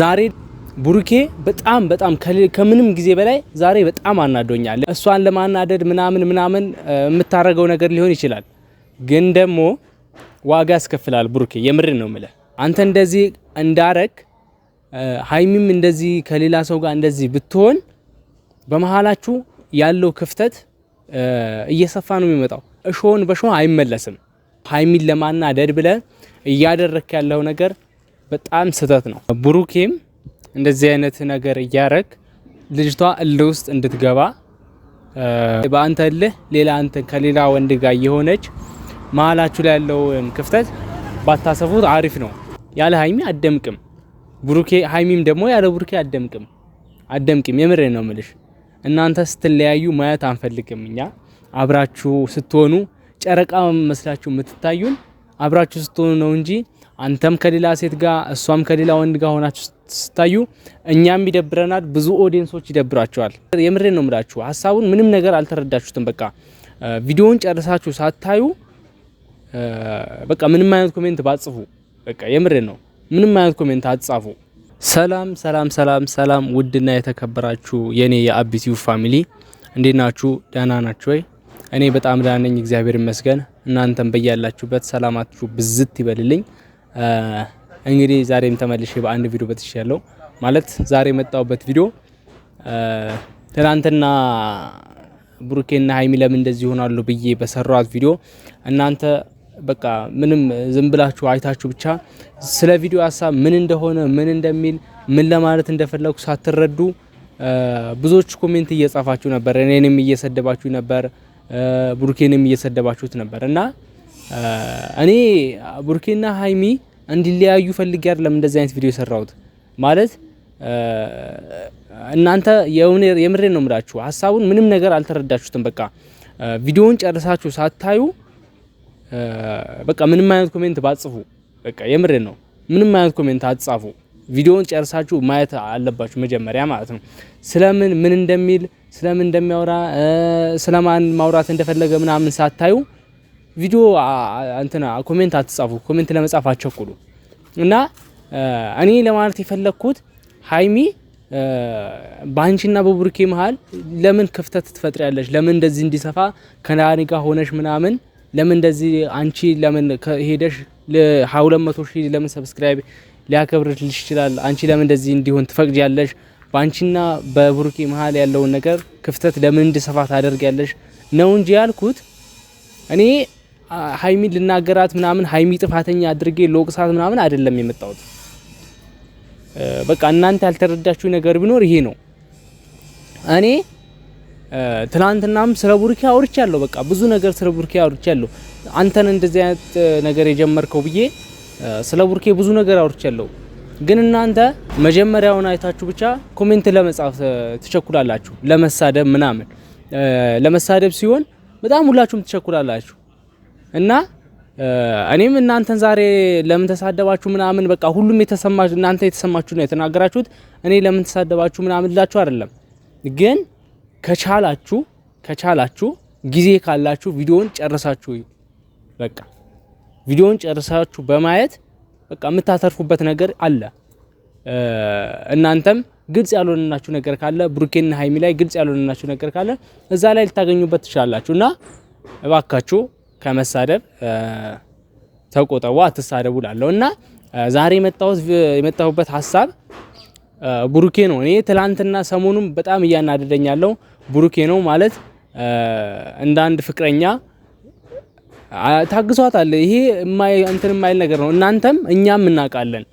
ዛሬ ቡሩኬ በጣም በጣም ከምንም ጊዜ በላይ ዛሬ በጣም አናዶኛል። እሷን ለማናደድ ምናምን ምናምን የምታደርገው ነገር ሊሆን ይችላል፣ ግን ደግሞ ዋጋ ያስከፍላል። ቡሩኬ የምርን ነው ምለ አንተ እንደዚህ እንዳረግ ሀይሚም እንደዚህ ከሌላ ሰው ጋር እንደዚህ ብትሆን በመሀላችሁ ያለው ክፍተት እየሰፋ ነው የሚመጣው። እሾህን በሾህ አይመለስም። ሀይሚን ለማናደድ ብለ እያደረክ ያለው ነገር በጣም ስህተት ነው። ብሩኬም እንደዚህ አይነት ነገር እያረግ ልጅቷ እልህ ውስጥ እንድትገባ በአንተ እልህ ሌላ አንተ ከሌላ ወንድ ጋር የሆነች መሀላችሁ ላይ ያለውን ክፍተት ባታሰፉት አሪፍ ነው። ያለ ሀይሚ አደምቅም ብሩኬ፣ ሀይሚም ደግሞ ያለ ብሩኬ አደምቅም አደምቅም። የምሬ ነው ምልሽ እናንተ ስትለያዩ ማየት አንፈልግም እኛ አብራችሁ ስትሆኑ ጨረቃ መስላችሁ የምትታዩን አብራችሁ ስትሆኑ ነው እንጂ አንተም ከሌላ ሴት ጋር እሷም ከሌላ ወንድ ጋር ሆናችሁ ስታዩ እኛም ይደብረናል፣ ብዙ ኦዲየንሶች ይደብራቸዋል። የምሬን ነው ምላችሁ ሀሳቡን ምንም ነገር አልተረዳችሁትም። በቃ ቪዲዮውን ጨርሳችሁ ሳታዩ በቃ ምንም አይነት ኮሜንት ባጽፉ። በቃ የምሬን ነው፣ ምንም አይነት ኮሜንት አጻፉ ሰላም ሰላም ሰላም ሰላም! ውድና የተከበራችሁ የኔ የአቢሲዩ ፋሚሊ እንዴት ናችሁ? ደህና ናችሁ ወይ? እኔ በጣም ደህና ነኝ፣ እግዚአብሔር ይመስገን። እናንተም በያላችሁበት ሰላማችሁ ብዝት ይበልልኝ። እንግዲህ ዛሬም ተመልሼ በአንድ ቪዲዮ በትሻለሁ። ማለት ዛሬ የመጣሁበት ቪዲዮ ትናንትና ብሩኬና ሀይሚ ለምን እንደዚህ ይሆናሉ ብዬ በሰራሁት ቪዲዮ እናንተ በቃ ምንም ዝም ብላችሁ አይታችሁ ብቻ ስለ ቪዲዮ ሀሳብ ምን እንደሆነ ምን እንደሚል ምን ለማለት እንደፈለጉ ሳትረዱ ብዙዎች ኮሜንት እየጻፋችሁ ነበር፣ እኔንም እየሰደባችሁ ነበር፣ ብሩኬንም እየሰደባችሁት ነበር እና እኔ ቡርኬና ሀይሚ እንዲለያዩ ፈልጌ አይደለም እንደዚህ አይነት ቪዲዮ የሰራሁት ማለት እናንተ የምሬን ነው ምላችሁ፣ ሀሳቡን ምንም ነገር አልተረዳችሁትም። በቃ ቪዲዮውን ጨርሳችሁ ሳታዩ በቃ ምንም አይነት ኮሜንት ባጽፉ፣ በቃ የምሬን ነው። ምንም አይነት ኮሜንት አጻፉ? ቪዲዮውን ጨርሳችሁ ማየት አለባችሁ መጀመሪያ ማለት ነው። ስለምን ምን እንደሚል ስለምን እንደሚያወራ ስለማን ማውራት እንደፈለገ ምናምን ሳታዩ ቪዲዮ እንትና ኮሜንት አትጻፉ፣ ኮሜንት ለመጻፍ አትቸኩሉ። እና እኔ ለማለት የፈለግኩት ሀይሚ በአንቺና በቡርኬ መሀል ለምን ክፍተት ትፈጥሪያለሽ? ለምን እንደዚህ እንዲሰፋ ከናኒ ጋር ሆነሽ ምናምን ለምን እንደዚህ አንቺ ለምን ሄደሽ ሁለት መቶ ሺህ ለምን ሰብስክራይብ ሊያከብርልሽ ይችላል? አንቺ ለምን እንደዚህ እንዲሆን ትፈቅጃለሽ? በአንቺና በቡርኬ መሀል ያለውን ነገር ክፍተት ለምን እንዲሰፋ ታደርጊያለሽ? ነው እንጂ ያልኩት እኔ ሀይሚ ልናገራት ምናምን ሀይሚ ጥፋተኛ አድርጌ ለወቅሳት ምናምን አይደለም የመጣሁት። በቃ እናንተ ያልተረዳችሁ ነገር ቢኖር ይሄ ነው። እኔ ትላንትናም ስለ ቡርኪ አውርቻለሁ። በቃ ብዙ ነገር ስለ ቡርኪ አውርቻለሁ። አንተን እንደዚህ አይነት ነገር የጀመርከው ብዬ ስለ ቡርኬ ብዙ ነገር አውርቻለሁ። ግን እናንተ መጀመሪያውን አይታችሁ ብቻ ኮሜንት ለመጻፍ ትቸኩላላችሁ፣ ለመሳደብ ምናምን ለመሳደብ ሲሆን በጣም ሁላችሁም ትቸኩላላችሁ። እና እኔም እናንተን ዛሬ ለምን ተሳደባችሁ ምናምን በቃ ሁሉም የተሰማችሁ እናንተ የተሰማችሁ ነው የተናገራችሁት። እኔ ለምን ተሳደባችሁ ምናምን ላችሁ አይደለም፣ ግን ከቻላችሁ ከቻላችሁ ጊዜ ካላችሁ ቪዲዮውን ጨርሳችሁ በቃ ቪዲዮውን ጨርሳችሁ በማየት በቃ የምታተርፉበት ነገር አለ። እናንተም ግልጽ ያልሆነላችሁ ነገር ካለ ብሩኬና ሀይሚ ላይ ግልጽ ያልሆነላችሁ ነገር ካለ እዛ ላይ ልታገኙበት ትችላላችሁ እና እባካችሁ ከመሳደብ ተቆጠቡ፣ አትሳደቡ ላለው እና ዛሬ የመጣሁበት ሀሳብ ብሩኬ ነው። እኔ ትላንትና ሰሞኑን በጣም እያናደደኝ ያለው ብሩኬ ነው ማለት እንደ አንድ ፍቅረኛ ታግሷታል። ይሄ እንትን የማይል ነገር ነው። እናንተም እኛም እናውቃለን።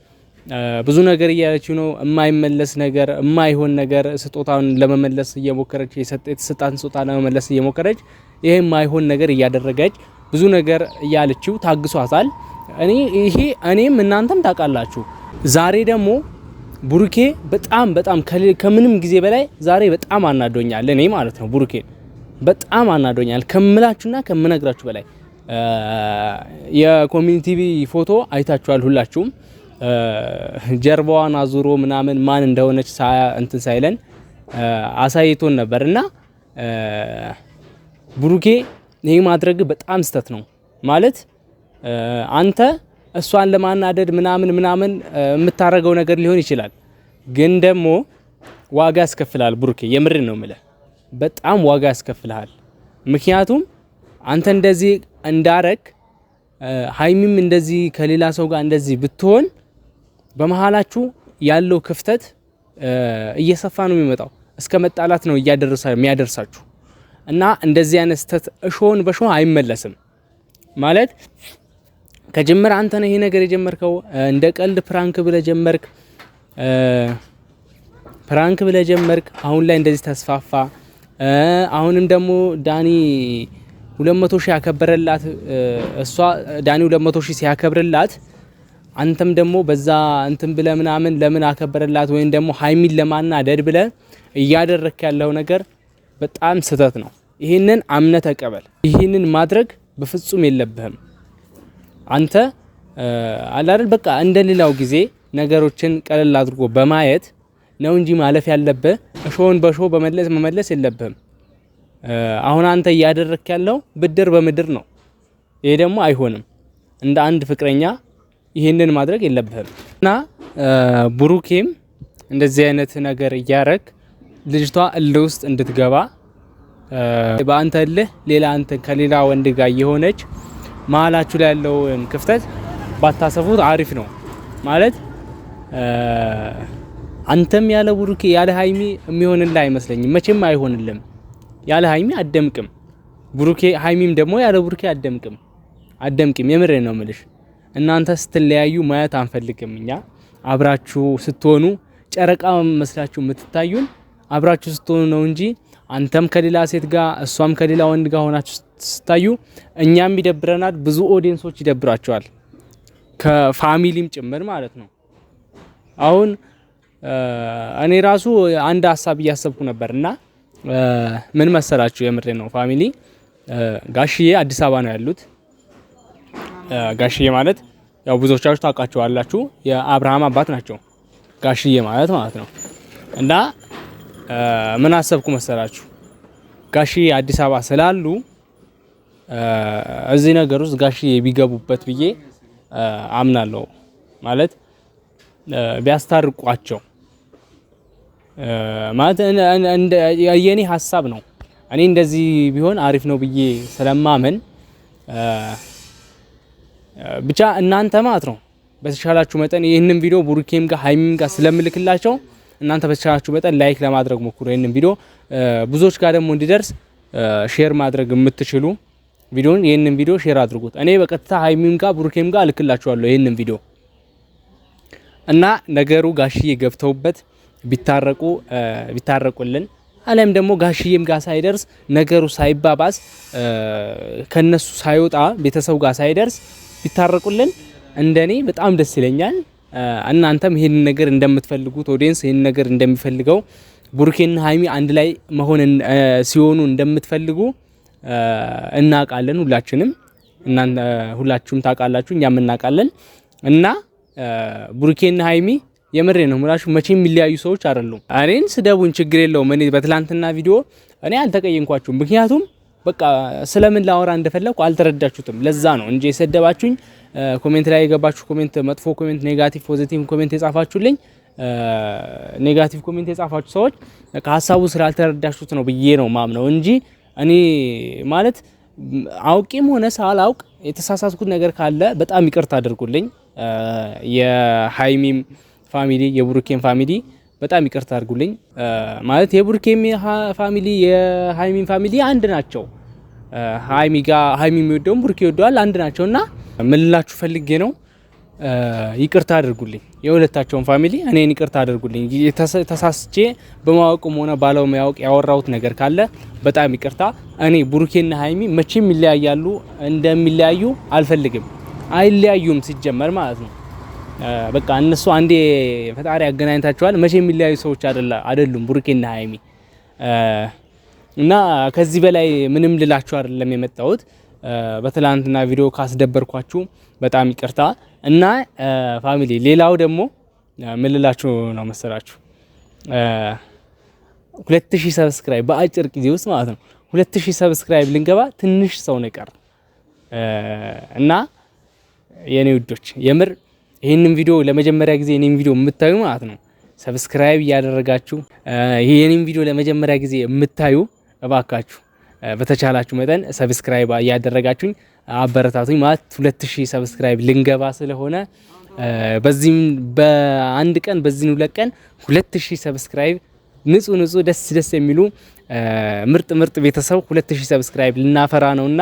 ብዙ ነገር እያለችው ነው። የማይመለስ ነገር፣ የማይሆን ነገር ስጦታን ለመመለስ እየሞከረች የተሰጣትን ስጦታ ለመመለስ እየሞከረች ይሄ የማይሆን ነገር እያደረገች ብዙ ነገር እያለችው ታግሷታል። እኔ ይሄ እኔም እናንተም ታውቃላችሁ። ዛሬ ደግሞ ቡሩኬ በጣም በጣም ከምንም ጊዜ በላይ ዛሬ በጣም አናዶኛል። እኔ ማለት ነው ቡሩኬ በጣም አናዶኛል ከምላችሁና ከምነግራችሁ በላይ የኮሚኒቲ ፎቶ አይታችኋል ሁላችሁም። ጀርባዋን አዙሮ ምናምን ማን እንደሆነች እንትን ሳይለን አሳይቶን ነበር እና ይሄ ማድረግ በጣም ስተት ነው ማለት አንተ እሷን ለማናደድ ምናምን ምናምን የምታረገው ነገር ሊሆን ይችላል፣ ግን ደግሞ ዋጋ ያስከፍልሃል። ቡርኬ የምርን ነው ምለ በጣም ዋጋ ያስከፍልሃል። ምክንያቱም አንተ እንደዚህ እንዳረግ ሀይሚም እንደዚህ ከሌላ ሰው ጋር እንደዚህ ብትሆን በመሀላችሁ ያለው ክፍተት እየሰፋ ነው የሚመጣው። እስከ መጣላት ነው እያደረሳ የሚያደርሳችሁ እና እንደዚህ አይነት ስህተት እሾህን በእሾህ አይመለስም ማለት ከጅምር አንተ ነው ይሄ ነገር የጀመርከው። እንደ ቀልድ ፕራንክ ብለ ጀመርክ፣ ፕራንክ ብለ ጀመርክ። አሁን ላይ እንደዚህ ተስፋፋ። አሁንም ደግሞ ዳኒ 200 ሺህ ያከበረላት እሷ ዳኒ 200 ሺህ ሲያከብርላት አንተም ደግሞ በዛ እንትን ብለ ምናምን ለምን አከበረላት ወይም ደግሞ ሀይሚን ለማናደድ ብለ እያደረክ ያለው ነገር በጣም ስህተት ነው። ይህንን አምነ ተቀበል። ይህንን ማድረግ በፍጹም የለብህም። አንተ አላደል በቃ እንደ ሌላው ጊዜ ነገሮችን ቀለል አድርጎ በማየት ነው እንጂ ማለፍ ያለብህ እሾህን በእሾህ በመለስ መመለስ የለብህም። አሁን አንተ እያደረክ ያለው ብድር በምድር ነው። ይሄ ደግሞ አይሆንም። እንደ አንድ ፍቅረኛ ይህንን ማድረግ የለብህም እና ብሩኬም እንደዚህ አይነት ነገር እያረግ ልጅቷ እልህ ውስጥ እንድትገባ በአንተ እልህ ሌላ አንተ ከሌላ ወንድ ጋር የሆነች መሀላችሁ ላይ ያለውን ክፍተት ባታሰፉት አሪፍ ነው ማለት አንተም ያለ ቡሩኬ ያለ ሀይሚ የሚሆንልህ አይመስለኝም። መቼም አይሆንልም። ያለ ሀይሚ አደምቅም ቡሩኬ፣ ሀይሚም ደግሞ ያለ ቡሩኬ አደምቅም አደምቅም። የምሬ ነው ምልሽ። እናንተ ስትለያዩ ማየት አንፈልግም እኛ አብራችሁ ስትሆኑ ጨረቃ መስላችሁ የምትታዩን አብራችሁ ስትሆኑ ነው እንጂ አንተም ከሌላ ሴት ጋር እሷም ከሌላ ወንድ ጋር ሆናችሁ ስታዩ እኛም ይደብረናል። ብዙ ኦዲየንሶች ይደብራቸዋል፣ ከፋሚሊም ጭምር ማለት ነው። አሁን እኔ ራሱ አንድ ሀሳብ እያሰብኩ ነበር እና ምን መሰላችሁ፣ የምሬ ነው ፋሚሊ። ጋሽዬ አዲስ አበባ ነው ያሉት። ጋሽዬ ማለት ያው ብዙዎቻችሁ ታውቃቸዋላችሁ፣ የአብርሃም አባት ናቸው። ጋሽዬ ማለት ማለት ነው እና ምን አሰብኩ መሰላችሁ? ጋሺ አዲስ አበባ ስላሉ እዚህ ነገር ውስጥ ጋሺ ቢገቡበት ብዬ አምናለሁ። ማለት ቢያስታርቋቸው ማለት የኔ ሀሳብ ነው። እኔ እንደዚህ ቢሆን አሪፍ ነው ብዬ ስለማመን ብቻ እናንተ ማለት ነው በተሻላችሁ መጠን ይህንን ቪዲዮ ቡሩኬም ጋር ሀይሚም ጋር ስለምልክላቸው እናንተ በተቻላችሁ መጠን ላይክ ለማድረግ ሞክሩ። ይህንን ቪዲዮ ብዙዎች ጋር ደግሞ እንዲደርስ ሼር ማድረግ የምትችሉ ቪዲዮን ይህንን ቪዲዮ ሼር አድርጉት። እኔ በቀጥታ ሀይሚም ጋር ብሩኬም ጋር እልክላችኋለሁ ይህንን ቪዲዮ እና ነገሩ ጋሽዬ ገብተውበት ቢታረቁ ቢታረቁልን አለም ደግሞ ጋሽዬም ጋር ሳይደርስ ነገሩ ሳይባባስ ከነሱ ሳይወጣ ቤተሰቡ ጋር ሳይደርስ ቢታረቁልን እንደኔ በጣም ደስ ይለኛል። እናንተም ይህን ነገር እንደምትፈልጉት ኦዲየንስ ይህን ነገር እንደሚፈልገው ቡርኬና ሀይሚ አንድ ላይ መሆን ሲሆኑ እንደምትፈልጉ እናውቃለን። ሁላችንም እናንተ ሁላችሁም ታውቃላችሁ፣ እኛም እናውቃለን። እና ቡርኬና ሀይሚ የምሬ ነው ሙላችሁ መቼም የሚለያዩ ሰዎች አይደሉም። እኔን ስደቡን ችግር የለውም። እኔ በትላንትና ቪዲዮ እኔ አልተቀየንኳችሁም፣ ምክንያቱም በቃ ስለምን ላወራ እንደፈለኩ አልተረዳችሁትም። ለዛ ነው እንጂ የሰደባችሁኝ ኮሜንት ላይ የገባችሁ ኮሜንት፣ መጥፎ ኮሜንት፣ ኔጋቲቭ ፖዚቲቭ ኮሜንት የጻፋችሁልኝ ኔጋቲቭ ኮሜንት የጻፋችሁ ሰዎች ከሀሳቡ ስላልተረዳችሁት ነው ብዬ ነው ማምነው እንጂ እኔ ማለት አውቂም ሆነ ሳላውቅ የተሳሳትኩት ነገር ካለ በጣም ይቅርታ አድርጉልኝ። የሀይሚም ፋሚሊ የቡሩኬም ፋሚሊ በጣም ይቅርታ አድርጉልኝ። ማለት የቡሩኬም ፋሚሊ የሀይሚም ፋሚሊ አንድ ናቸው። ሀይሚ የሚወደውም ቡሩኬ ይወደዋል፣ አንድ ናቸው እና ምን ፈልጌ ነው፣ ይቅርታ አድርጉልኝ። የሁለታቸውን ፋሚሊ እኔን ይቅርታ አድርጉልኝ። ተሳስቼ በማወቅም ሆነ ባለማወቅ ያወራሁት ነገር ካለ በጣም ይቅርታ። እኔ ቡሩኬና ሀይሚ መቼም ይለያያሉ እንደሚለያዩ አልፈልግም። አይለያዩም ሲጀመር ማለት ነው። በቃ እነሱ አንዴ ፈጣሪ ያገናኝታቸዋል። መቼ የሚለያዩ ሰዎች አይደሉም ቡሩኬና ሀይሚ እና ከዚህ በላይ ምንም ልላችሁ አይደለም የመጣሁት በትላንትና ቪዲዮ ካስደበርኳችሁ በጣም ይቅርታ እና ፋሚሊ፣ ሌላው ደግሞ ምልላችሁ ነው መሰላችሁ ሁለት ሺህ ሰብስክራይብ በአጭር ጊዜ ውስጥ ማለት ነው ሁለት ሺህ ሰብስክራይብ ልንገባ ትንሽ ሰው ነው የቀረ እና የኔ ውዶች የምር ይህንን ቪዲዮ ለመጀመሪያ ጊዜ የኔን ቪዲዮ የምታዩ ማለት ነው ሰብስክራይብ እያደረጋችሁ ይህ የኔን ቪዲዮ ለመጀመሪያ ጊዜ የምታዩ እባካችሁ በተቻላችሁ መጠን ሰብስክራይብ እያደረጋችሁኝ አበረታቱኝ። ማለት 2000 ሰብስክራይብ ልንገባ ስለሆነ በዚህም በአንድ ቀን በዚህ ሁለት ቀን 2000 ሰብስክራይብ ንጹህ ንጹህ ደስ ደስ የሚሉ ምርጥ ምርጥ ቤተሰብ 2000 ሰብስክራይብ ልናፈራ ነውና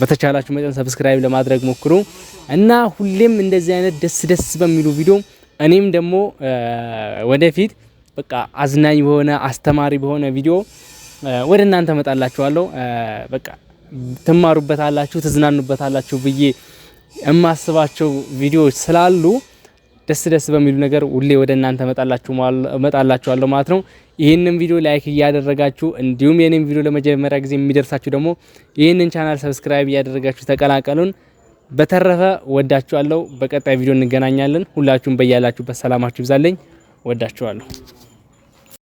በተቻላችሁ መጠን ሰብስክራይብ ለማድረግ ሞክሩ እና ሁሌም እንደዚህ አይነት ደስ ደስ በሚሉ ቪዲዮ እኔም ደግሞ ወደፊት በቃ አዝናኝ በሆነ አስተማሪ በሆነ ቪዲዮ ወደ እናንተ እመጣላችኋለሁ። በቃ ትማሩበታላችሁ፣ ትዝናኑበታላችሁ ብዬ የማስባቸው ቪዲዮዎች ስላሉ ደስ ደስ በሚሉ ነገር ሁሌ ወደ እናንተ አለው ማለት ነው። ይህንን ቪዲዮ ላይክ እያደረጋችሁ እንዲሁም የኔን ቪዲዮ ለመጀመሪያ ጊዜ የሚደርሳችሁ ደግሞ ይህንን ቻናል ሰብስክራይብ እያደረጋችሁ ተቀላቀሉን። በተረፈ ወዳችኋለሁ። በቀጣይ ቪዲዮ እንገናኛለን። ሁላችሁም በያላችሁበት ሰላማችሁ ይብዛለኝ። ወዳችኋለሁ።